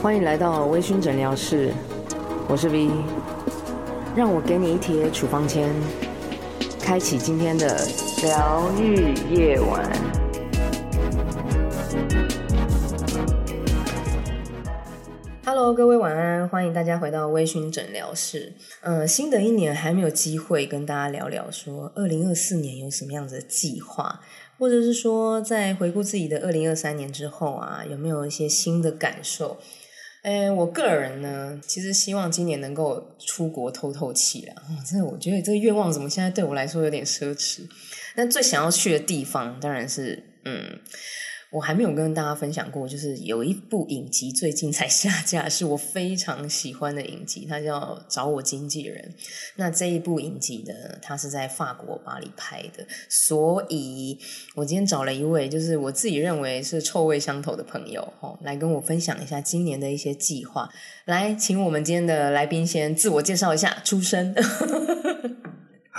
歡迎來到微醺診療室，我是 V，讓我給你一貼處方籤，開啟今天的療癒夜晚。Hello，各位晚安，歡迎大家回到微醺診療室。嗯，新的一年還沒有機會跟大家聊聊，說二零二四年有什麼樣的計劃，或者是說在回顧自己的二零二三年之後啊，有沒有一些新的感受？欸、我個人呢，其實希望今年能夠出國透透氣啦。這、哦、真的，我覺得這個願望怎麼現在對我來說有點奢侈。但最想要去的地方，當然是嗯。我還沒有跟大家分享過，就是有一部影集最近才下架，是我非常喜歡的影集，它叫《找我經紀人》。那這一部影集呢，它是在法國巴黎拍的，所以我今天找了一位，就是我自己認為是臭味相投的朋友，哦，來跟我分享一下今年的一些計劃。來，請我們今天的來賓先自我介紹一下，出身。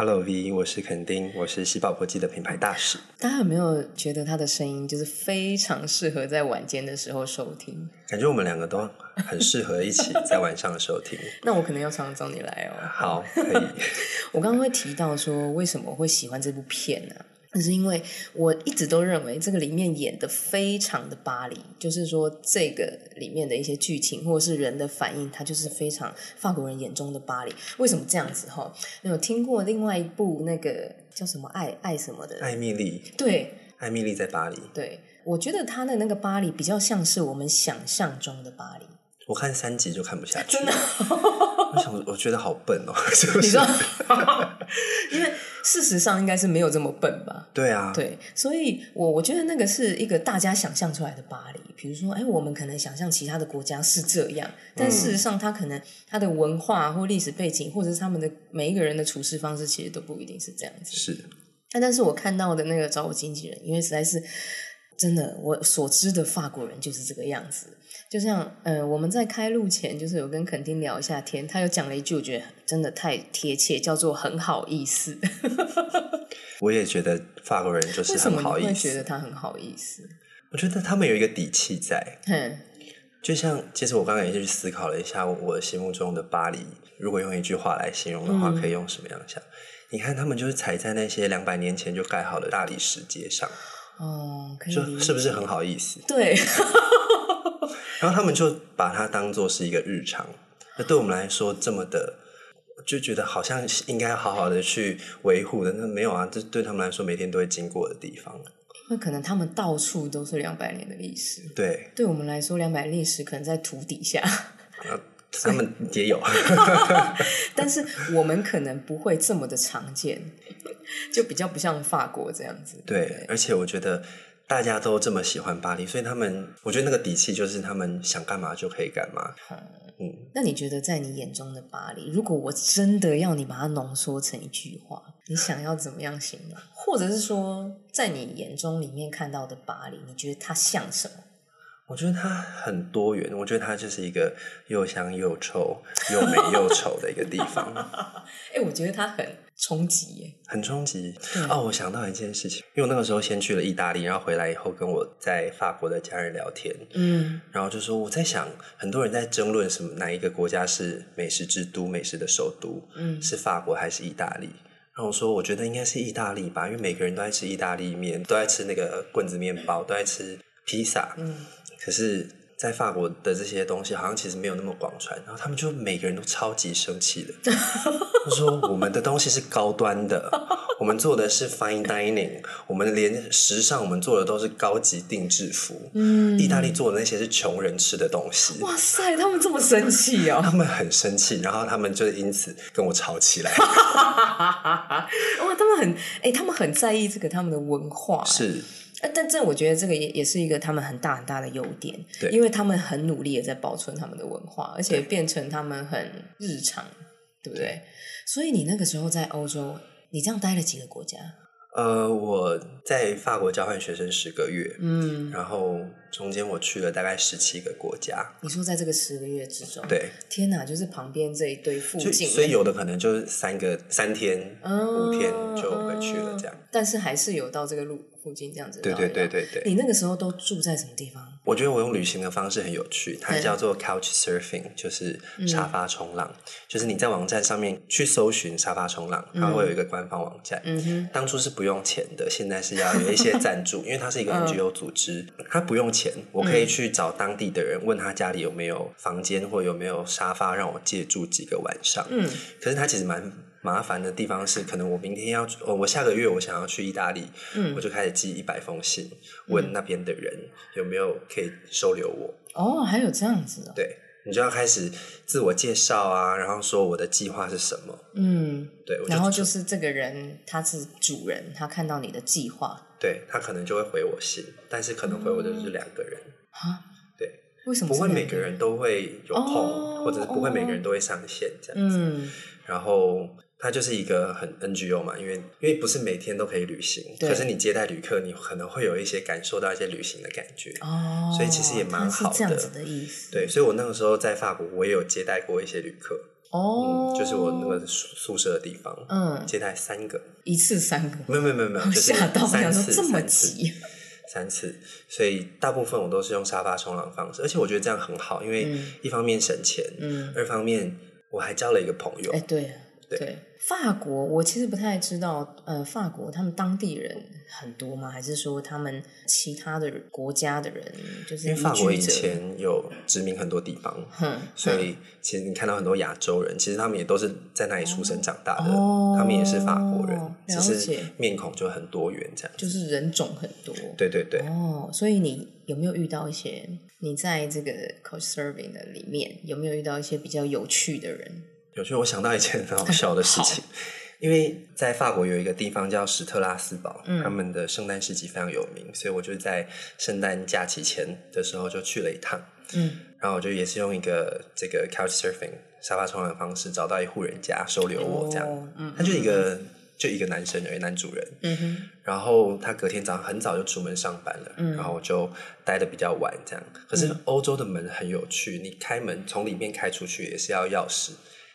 Hello V，我是墾玎，我是喜寶國際的品牌大使。大家有沒有覺得他的聲音就是非常適合在晚間的時候收聽？感覺我們兩個都很適合一起在晚上的時候收聽。 那我可能要常常找你來哦。好，可以。 我剛剛會提到說為什麼會喜歡這部片呢、啊？那是因為我一直都認為這個裡面演的非常的巴黎，就是說這個裡面的一些劇情或者是人的反應，它就是非常法國人眼中的巴黎。為什麼這樣子？哈，你有聽過另外一部那個叫什麼愛《愛愛什麼的》？艾蜜莉。對，艾蜜莉在巴黎。對，我覺得他的那個巴黎比較像是我們想象中的巴黎。我看三集就看不下去了。真的。 我我覺得好笨哦，你說， 因為事實上應該是沒有這麼笨吧？對啊，對，所以我我覺得那個是一個大家想象出來的巴黎。比如說，哎，我們可能想象其他的國家是這樣，但事實上，他可能他的文化或歷史背景、嗯，或者是他們的每一個人的處事方式，其實都不一定是這樣子的。是，那、啊、但是我看到的那個找我經紀人，因為實在是真的，我所知的法國人就是這個樣子。就像嗯、呃，我們在開錄前，就是有跟墾玎聊一下天，他有講了一句，我覺得真的太貼切，叫做“很好意思” 我也覺得法國人就是很好意思。為什麼你會覺得他很好意思？我覺得他們有一個底氣在。嗯，就像其實我剛剛也去思考了一下我，我心目中的巴黎，如果用一句話來形容的話，嗯、可以用什麼樣？像你看，他們就是踩在那些兩百年前就蓋好的大理石街上。哦可以，就是不是很好意思？對。 然後他們就把它當做是一個日常，那對我們來說這麼的，就覺得好像應該好好的去維護的。那沒有啊，這對他們來說每天都會經過的地方，那可能他們到處都是兩百年的歷史。對，對我們來說兩百歷史可能在土底下，那他們也有， 但是我們可能不會這麼的常見，就比較不像法國這樣子。對，對，而且我覺得。大家都這麼喜歡巴黎，所以他們我覺得那個底氣就是他們想幹嘛就可以幹嘛。嗯，那你覺得在你眼中的巴黎，如果我真的要你把它濃縮成一句話，你想要怎麼樣形容？ 或者是說，在你眼中裡面看到的巴黎，你覺得它像什麼？我覺得它很多元，我覺得它就是一個又香又臭、又美又醜的一個地方。哎 欸，我覺得它很。衝擊耶，很衝擊哦、嗯！我想到一件事情，因為我那個時候先去了意大利，然後回來以後跟我在法國的家人聊天，嗯，然後就說我在想，很多人在爭論什麼哪一個國家是美食之都、美食的首都，嗯，是法國還是意大利？然後我說，我覺得應該是意大利吧，因為每個人都愛吃意大利麵，都愛吃那個棍子麵包、嗯，都愛吃披薩，嗯，可是。在法國的這些東西，好像其實沒有那麼廣傳。然後他們就每個人都超級生氣的，他 說：“我們的東西是高端的， 我們做的是 fine dining，我們連時尚我們做的都是高級定制服。嗯，意大利做的那些是窮人吃的東西。”哇塞，他們這麼生氣哦？ 他們很生氣，然後他們就因此跟我吵起來。 哇，他們很哎、欸，他們很在意這個他們的文化是。但這我覺得這個也也是一個他們很大很大的優點，對，因為他們很努力的在保存他們的文化，而且變成他們很日常對，對不對？所以你那個時候在歐洲，你這樣待了幾個國家？呃，我在法國交換學生十個月，嗯，然後。中間我去了大概十七個國家。你說在這個十個月之中，對，天哪，就是旁邊這一堆附近，所以有的可能就是三個三天、哦，五天就回去了這樣。但是還是有到這個路附近這樣子。對,對對對對對。你那個時候都住在什麼地方？我覺得我用旅行的方式很有趣，它叫做 Couch Surfing，、嗯、就是沙發衝浪、嗯，就是你在網站上面去搜尋沙發衝浪，嗯、然後會有一個官方網站。嗯哼。當初是不用錢的，現在是要有一些贊助， 因為它是一個 NGO 組織、嗯，它不用錢。我可以去找當地的人，嗯，問他家裡有沒有房間或者有沒有沙發讓我借住幾個晚上，嗯。可是他其實蠻麻煩的地方是，可能我明天要，我下個月我想要去意大利，嗯，我就開始寄一百封信，嗯，問那邊的人有沒有可以收留我。哦，還有這樣子的，對。你就要開始自我介紹啊，然後說我的計劃是什麼。嗯，對。然後就是這個人他是主人，他看到你的計劃，對他可能就會回我信，但是可能回我的是兩個人啊、嗯。對，為什麼不會每個人都會有空，哦，或者是不會每個人都會上線、哦、這樣子？嗯、然後。它就是一個很 NGO 嘛，因為因為不是每天都可以旅行，可、就是你接待旅客，你可能會有一些感受到一些旅行的感覺，哦，所以其實也蠻好的。這樣子的意思，對。所以我那個時候在法國，我也有接待過一些旅客，哦，嗯、就是我那個宿宿舍的地方，嗯，接待三個，一次三個，沒有沒有沒有沒、就是嚇到，次這麼急、啊三，三次。所以大部分我都是用沙發衝浪方式、嗯，而且我覺得這樣很好，因為一方面省錢，嗯，二方面我還交了一個朋友，哎，對。對，對法國，我其實不太知道。呃，法國他們當地人很多嗎？還是說他們其他的國家的人就是？因為法國以前有殖民很多地方，嗯、所以其實你看到很多亞洲人、嗯，其實他們也都是在那裡出生長大的，哦、他們也是法國人、哦，只是面孔就很多元這樣。就是人種很多，對對對。哦，所以你有沒有遇到一些？你在這個 Couchsurfing 的裡面有沒有遇到一些比較有趣的人？就是，我想到一件很好笑的事情，因為在法國有一個地方叫史特拉斯堡，他們的聖誕市集非常有名，所以我就在聖誕假期前的時候就去了一趟。嗯，然後我就也是用一個這個 couch surfing 沙發床的方式找到一戶人家收留我這樣。嗯，他就一個就一個男生，有一個男主人。嗯哼，然後他隔天早上很早就出門上班了，嗯，然後我就待得比較晚這樣。可是歐洲的門很有趣，你開門從裡面開出去也是要鑰匙。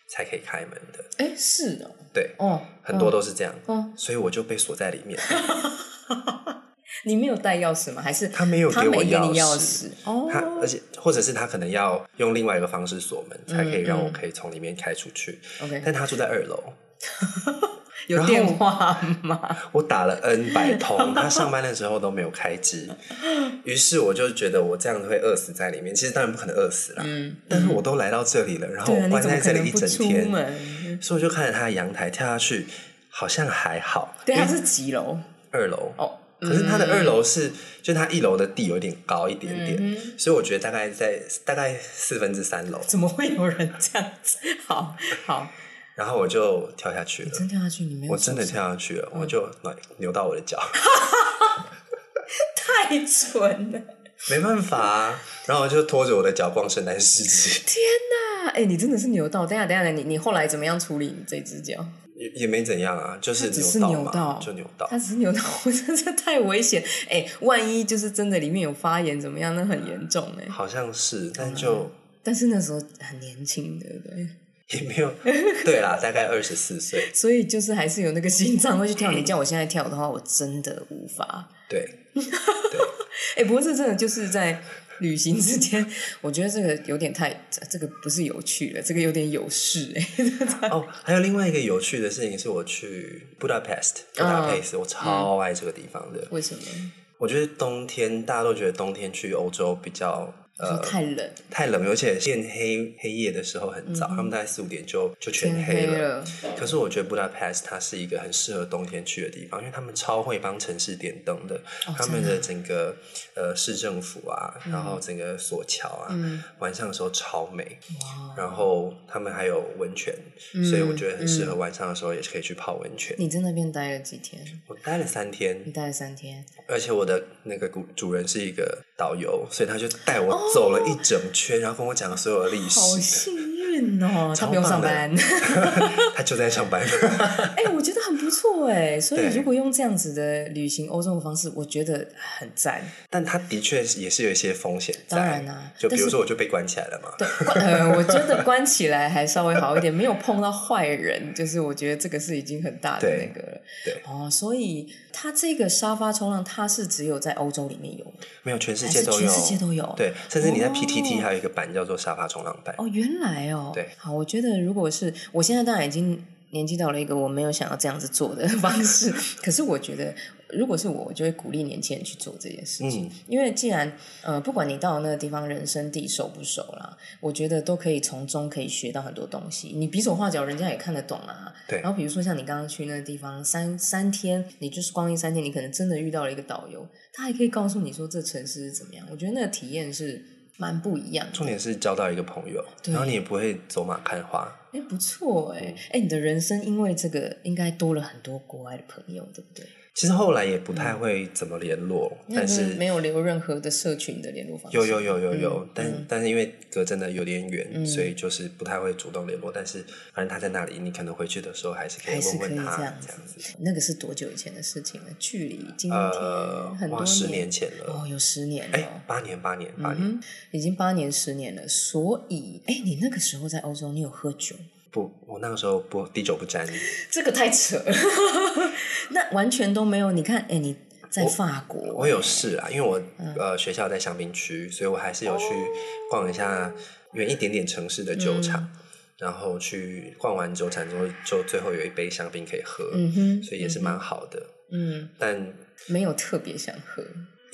才可以開門的，哎、欸，是哦，對，哦，很多都是這樣，嗯、哦，所以我就被鎖在裡面。 你沒有帶鑰匙嗎？還是他沒有給我鑰匙？他沒給你鑰匙。哦，他而且或者是他可能要用另外一個方式鎖門，才可以讓我可以從裡面開出去。OK，、嗯嗯、但他住在二樓。Okay. 有電話嗎？我打了 N 百通， 他上班的時候都沒有開機，於 是我就覺得我這樣子會餓死在裡面。其實當然不可能餓死了，嗯，但是我都來到這裡了，然後我關在這裡一整天，啊，所以我就看着他的陽台跳下去，好像還好，對他、啊，是，是幾樓？二樓哦，可是他的二樓是，嗯，就他一樓的地有點高一點點，嗯，所以我覺得大概在大概四分之三樓。怎麼會有人這樣子？好 好。好然後我就跳下去了。欸、真跳下去，你沒我真的跳下去了，嗯、我就扭扭到我的腳。 太蠢了！沒辦法啊，然後我就拖着我的腳逛聖誕市集。天哪！哎、欸，你真的是扭到？等下，等下，你你後來怎麼樣處理你這只腳？也也沒怎樣啊，就是扭到，只是扭到，就扭到。它只是扭到，我、嗯、真是太危險！哎、欸，萬一就是真的裡面有發炎，怎麼樣？那很嚴重哎、欸。好像是，但就、嗯、但是那時候很年輕，對不對？也沒有，對啦， 大概二十四歲。所以就是還是有那個心臟會去跳。你 叫我現在跳的話，我真的無法。對，對 欸、不過這真的就是在旅行之間， 我覺得這個有點太，這個不是有趣了，這個有點有事哎、欸。哦、 oh,，還有另外一個有趣的事情是，我去 Budapest,、uh, 布達佩斯。布達佩斯 a e 我超愛這個地方的、嗯。為什麼？我覺得冬天大家都覺得冬天去歐洲比較。呃、太冷，太冷，而且天黑黑夜的時候很早，嗯、他們大概四五點就就全黑了,黑了。可是我覺得布達佩斯它是一個很適合冬天去的地方，因為他們超會幫城市點燈的、哦，他們的整個的呃市政府啊，嗯、然後整個索橋啊、嗯，晚上的時候超美。然後他們還有溫泉、嗯，所以我覺得很適合晚上的時候也可以去泡溫泉。你在那邊待了幾天？我待了三天。你待了三天？而且我的那個主人是一個。導遊，所以他就帶我走了一整圈，oh, 然後跟我講了所有的歷史。哦，他不用上班， 他就在上班。哎、 欸，我覺得很不錯哎、欸，所以如果用這樣子的旅行歐洲的方式，我覺得很讚。但他的確也是有一些風險。當然啦、啊，就比如說我就被關起來了嘛。對，關、呃，我覺得關起來還稍微好一點， 沒有碰到壞人，就是我覺得這個是已經很大的那個了。對，對哦，所以他這個沙發衝浪，他是只有在歐洲裡面有，沒有全世界都有，全世界都有。對，甚至你在 PTT 還有一個板、哦、叫做沙發衝浪板。哦，原來哦。對，好，我覺得，如果是我現在當然已經年紀到了一個我沒有想要這樣子做的方式， 可是我覺得，如果是我，我就會鼓勵年輕人去做這件事情。嗯，因為既然，呃、不管你到那個地方人生地熟不熟啦，我覺得都可以從中可以學到很多東西。你比手畫腳，人家也看得懂啊。對。然後比如說像你剛剛去那個地方三三天，你就是光陰三天，你可能真的遇到了一個導遊，他還可以告訴你說這城市是怎麼樣。我覺得那個體驗是。蠻不一樣，重點是交到一個朋友，對，然後你也不會走馬看花。哎、欸，不錯，哎、欸，哎、欸，你的人生因為這個應該多了很多國外的朋友，對不對？其實後來也不太會怎麼聯絡，嗯、但是、那個、沒有留任何的社群的聯絡方式。有有有有有、嗯，但、嗯、但是因為隔真的有點遠、嗯，所以就是不太會主動聯絡。但是反正他在那裡，你可能回去的時候還是可以問問他還是可以這樣這樣子。那個是多久以前的事情了？距離今天、呃、很多年哇，十年前了，哦，有十年了，哎、欸，八年，八年，八年、嗯，已經八年十年了。所以，哎、欸，你那個時候在歐洲，你有喝酒？不，我那個時候不滴酒不沾。這個太扯了， 那完全都沒有。你看，哎、欸，你在法國。我，我有事啊，因為我、嗯、呃學校在香檳區，所以我還是有去逛一下遠一點點城市的酒廠、嗯，然後去逛完酒廠之後，就最後有一杯香檳可以喝，嗯哼，所以也是蠻好的，嗯，但沒有特別想喝。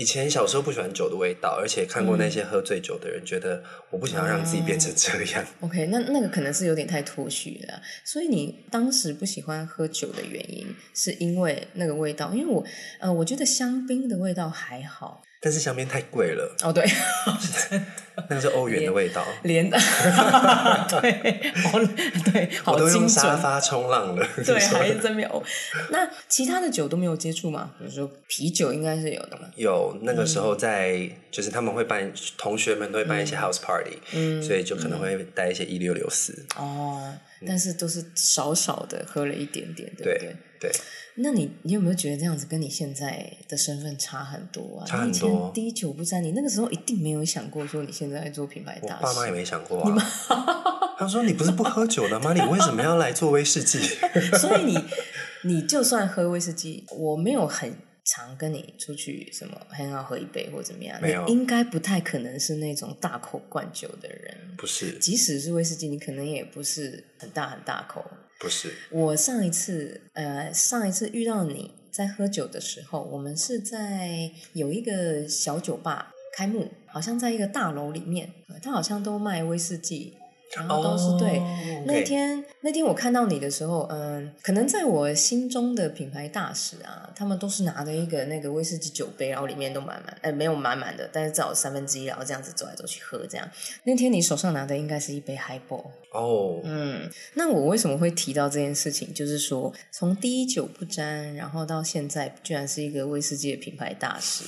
以前小時候不喜歡酒的味道，而且看過那些喝醉酒的人，覺得我不想要讓自己變成這樣。嗯啊、OK，那那個可能是有點太脫序了。所以你當時不喜歡喝酒的原因，是因為那個味道。因為我呃，我覺得香檳的味道還好。但是香檳太貴了哦，對，哦、那個是歐元的味道，連的， 對，好對，我都用沙發衝浪了，對，就是、還真沒有。那其他的酒都沒有接觸嗎？比如說啤酒，應該是有的嗎，的有。那個時候在、嗯，就是他們會辦，同學們都會辦一些 house party，嗯，所以就可能會帶一些一六六四哦、嗯，但是都是少少的，喝了一點點，對不對？對對，那你你有沒有覺得這樣子跟你現在的身份差很多啊？差很多。你以前滴酒不沾，你那個時候一定沒有想過說你現在在做品牌大使。我爸媽也沒想過啊。 他說：“你不是不喝酒的嗎？ 你為什麼要來做威士忌？” 所以你你就算喝威士忌，我沒有很常跟你出去什麼很好喝一杯或怎麼樣，你應該不太可能是那種大口灌酒的人。不是，即使是威士忌，你可能也不是很大很大口。不是，我上一次，呃，上一次遇到你在喝酒的時候，我們是在有一個小酒吧開幕，好像在一個大樓裡面，他、呃、好像都賣威士忌，然後都是對、oh, okay. 那天。那天我看到你的時候，嗯，可能在我心中的品牌大使啊，他們都是拿着一個那個威士忌酒杯，然後裡面都滿滿，哎，沒有滿滿的，但是至三分之一，然後這樣子走來走去喝這樣。那天你手上拿的應該是一杯海 i 哦，oh. 嗯，那我為什麼會提到這件事情？就是說，從滴酒不沾，然後到現在，居然是一個威士忌的品牌大使，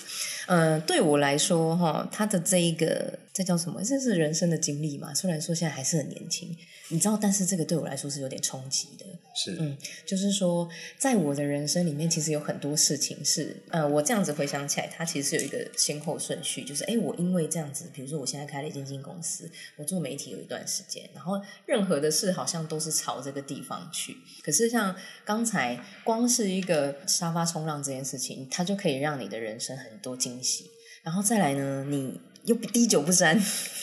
嗯，對我來說哈，他的這一個這叫什麼？這是人生的經歷嘛？雖然說現在還是很年輕。你知道，但是這個對我來說是有點衝擊的。是，嗯，就是說，在我的人生裡面，其實有很多事情是，呃，我這樣子回想起來，它其實是有一個先後順序。就是，哎，我因為這樣子，比如說，我現在開了一間新公司，我做媒體有一段時間，然後任何的事好像都是朝這個地方去。可是，像剛才光是一個沙發衝浪這件事情，它就可以讓你的人生很多驚喜。然後再來呢，你。又不滴酒不沾，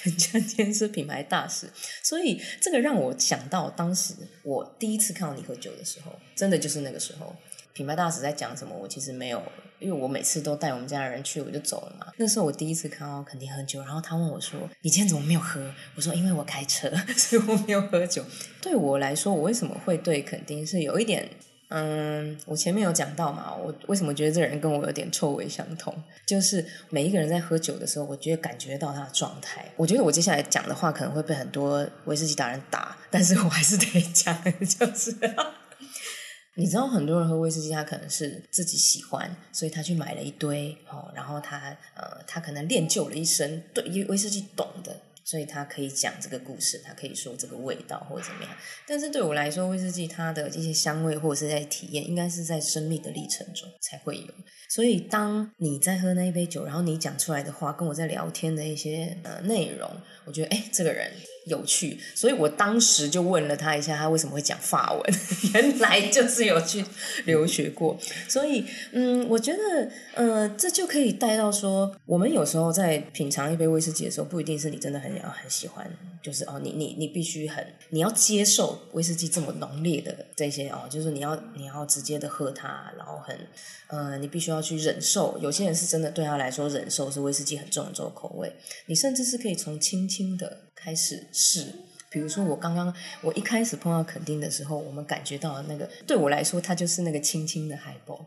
人家今天是品牌大使，所以這個讓我想到，當時我第一次看到你喝酒的時候，真的就是那個時候，品牌大使在講什麼，我其實沒有，因為我每次都帶我們家的人去，我就走了嘛。那時候我第一次看到墾玎喝酒，然後他問我說：“你今天怎麼沒有喝？”我說：“因為我開車，所以我沒有喝酒。”對我來說，我為什麼會對墾玎是有一點。嗯，我前面有講到嘛，我為什麼覺得這個人跟我有點臭味相同，就是每一個人在喝酒的時候，我覺得感覺到他的狀態。我覺得我接下來講的話可能會被很多威士忌達人打，但是我還是得講，就是 你知道，很多人喝威士忌，他可能是自己喜歡，所以他去買了一堆哦，然後他呃，他可能練就了一身對威士忌懂的。所以他可以講這個故事，他可以說這個味道或者怎麼樣。但是對我來說，威士忌它的一些香味或者是在體驗，應該是在生命的歷程中才會有。所以當你在喝那一杯酒，然後你講出來的話，跟我在聊天的一些呃內容，我覺得哎、欸，這個人有趣。所以我當時就問了他一下，他為什麼會講法文？原來就是有去留學過。所以嗯，我覺得呃，這就可以帶到說，我們有時候在品嘗一杯威士忌的時候，不一定是你真的很。然、啊、後很喜歡，就是哦，你你你必須很，你要接受威士忌這麼濃烈的這些哦，就是你要你要直接的喝它，然後很，呃，你必須要去忍受。有些人是真的對他來說忍受是威士忌很重的這種口味，你甚至是可以從輕輕的開始試。比如說我剛剛我一開始碰到墾玎的時候，我們感覺到那個對我來說，它就是那個輕輕的海波，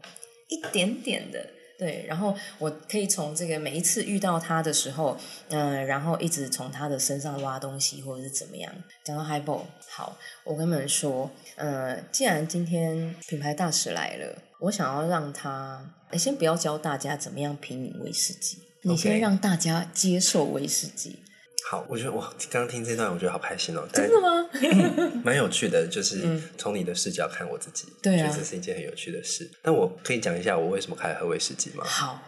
一點點的。對，然後我可以從這個每一次遇到他的時候，嗯、呃，然後一直從他的身上挖東西，或者是怎麼樣。講到 Highball，好，我跟你們說，呃，既然今天品牌大使來了，我想要讓他，先不要教大家怎麼樣品飲威士忌，你先、okay? 讓大家接受威士忌。好，我覺得我剛剛聽這段，我覺得好開心哦！但真的嗎？ 蠻有趣的，就是從你的視角看我自己，確、嗯、實是一件很有趣的事、啊。但我可以講一下我為什麼開了喝威士忌嗎？好，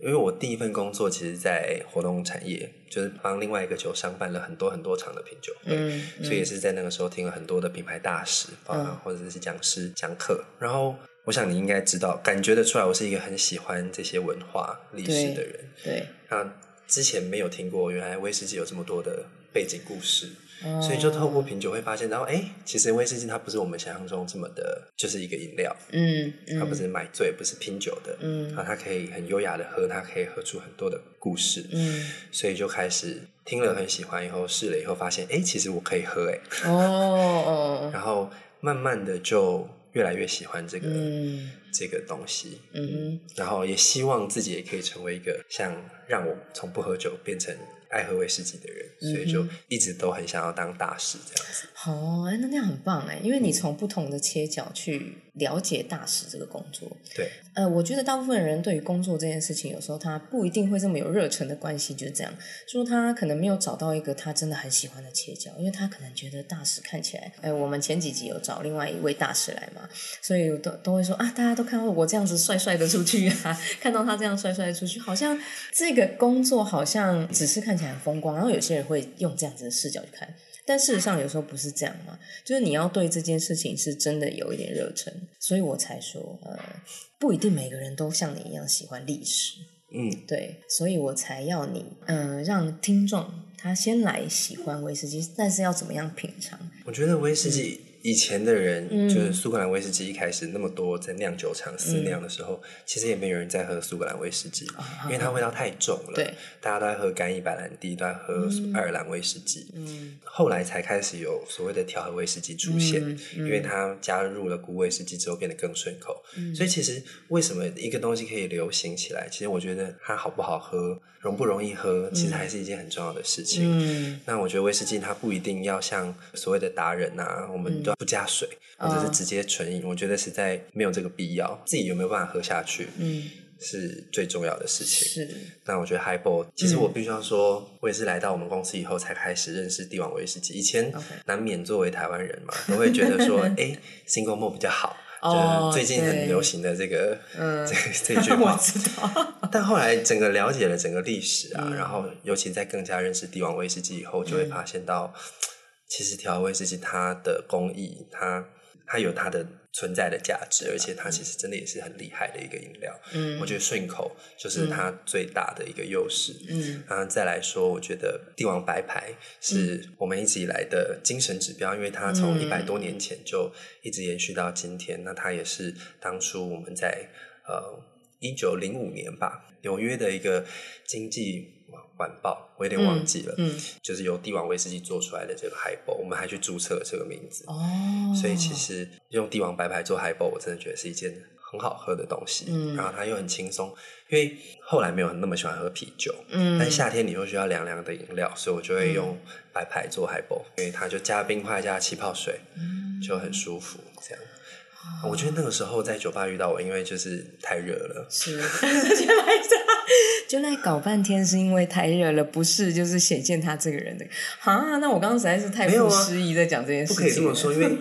因為我第一份工作其實，在活動產業，就是幫另外一個酒商辦了很多很多場的品酒會、嗯嗯，所以也是在那個時候聽了很多的品牌大使啊，包或者是講師、嗯、講課。然後，我想你應該知道，感覺得出來，我是一個很喜歡這些文化歷史的人。對，對、啊之前沒有聽過，原來威士忌有這麼多的背景故事，哦、所以就透過品酒會發現到，然後哎，其實威士忌它不是我們想象中這麼的，就是一個飲料嗯，嗯，它不是買醉，不是拼酒的，嗯，啊、它可以很優雅的喝，它可以喝出很多的故事，嗯，所以就開始聽了很喜歡，以後試了以後發現，誒、欸、其實我可以喝、欸，哎，哦， 然後慢慢的就。越來越喜歡這個、嗯、這個東西、嗯，然後也希望自己也可以成為一個像讓我從不喝酒變成。愛喝威士忌的人，所以就一直都很想要當大使這樣子。哎、嗯，oh, 那那樣很棒哎，因為你從不同的切角去了解大使這個工作。對、嗯，呃，我覺得大部分人對於工作這件事情，有時候他不一定會這麼有熱忱的關係，就是這樣，說他可能沒有找到一個他真的很喜歡的切角，因為他可能覺得大使看起來，哎、呃，我們前幾集有找另外一位大使來嘛，所以都都會說啊，大家都看到我這樣子帥帥的出去啊， 看到他這樣帥帥的出去，好像這個工作好像只是看。很風光，然後有些人會用這樣子的視角去看，但事實上有時候不是這樣嘛，就是你要對這件事情是真的有一點熱忱，所以我才說，呃，不一定每個人都像你一樣喜歡歷史，嗯，對，所以我才要你，嗯、呃，讓聽眾他先來喜歡威士忌，但是要怎麼樣品嘗？我覺得威士忌。嗯以前的人、嗯、就是蘇格蘭威士忌一開始那麼多在釀酒廠私釀的時候、嗯，其實也沒有人在喝蘇格蘭威士忌、嗯，因為它味道太重了。對、嗯，大家都在喝干邑白蘭地，嗯、都在喝愛爾蘭威士忌。嗯，後來才開始有所謂的調和威士忌出現，嗯、因為它加入了穀威士忌之後變得更順口、嗯。所以其實為什麼一個東西可以流行起來，嗯、其實我覺得它好不好喝，容不容易喝、嗯，其實還是一件很重要的事情。嗯，那我覺得威士忌它不一定要像所謂的達人啊，我們都、嗯。不加水，或者是直接純飲、嗯，我覺得實在沒有這個必要。自己有沒有辦法喝下去，嗯，是最重要的事情。是。那我覺得 Highball 其實我必須要說、嗯，我也是來到我們公司以後才開始認識帝王威士忌。以前難免作為台灣人嘛，okay. 都會覺得說，哎、 欸、，Single Malt 比較好。 就最近很流行的這個，嗯、oh, okay.，這這句話 我知道。但後來整個了解了整個歷史啊、嗯，然後尤其在更加認識帝王威士忌以後，就會發現到。嗯其實調味師是它的工藝，它它有它的存在的價值，而且它其實真的也是很厲害的一個飲料。嗯，我覺得順口就是它最大的一個優勢。嗯，然後、啊、再來說，我覺得帝王白牌是我們一直以來的精神指標，因為它從一百多年前就一直延續到今天。嗯、那它也是當初我們在呃。一九零五年吧，紐約的一個經濟晚報，我有點忘記了，嗯，嗯，就是由帝王威士忌做出來的這個海波，我們還去註冊了這個名字哦。所以其實用帝王白牌做海波，我真的覺得是一件很好喝的東西。嗯，然後它又很輕鬆，因為後來沒有那麼喜歡喝啤酒，嗯，但夏天你又需要涼涼的飲料，所以我就會用白牌做海波，嗯，因為它就加冰塊加氣泡水，嗯，就很舒服這樣。Oh. 我覺得那個時候在酒吧遇到我，因為就是太熱了。是，就 來就來搞半天，是因為太熱了，不是？就是顯現他這個人的。哈，那我剛剛實在是太沒有失儀，在講這件事情。啊，不可以這麼說，因為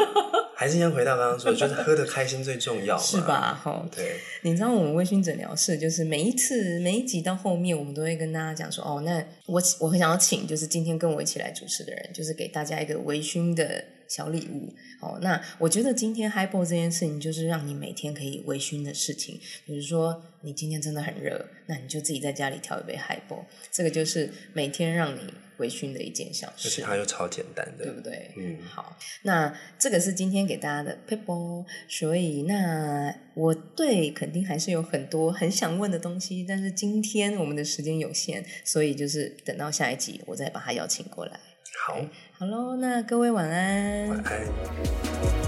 還是先回到剛剛說， 就是喝得開心最重要， 是吧？哈、oh，對。你知道我們微醺診療室，就是每一次每一集到後面，我們都會跟大家講說，哦，那我我很想要請，就是今天跟我一起來主持的人，就是給大家一個微醺的。小禮物哦，那我覺得今天 Highball 這件事情就是讓你每天可以微醺的事情。比如說你今天真的很熱，那你就自己在家裡調一杯 Highball，這個就是每天讓你微醺的一件小事。而且它又超簡單的，對不對？嗯，好，那這個是今天給大家的 Highball。所以那我對肯定還是有很多很想問的東西，但是今天我們的時間有限，所以就是等到下一集我再把他邀請過來。好。好嘍，那各位晚安。晚安。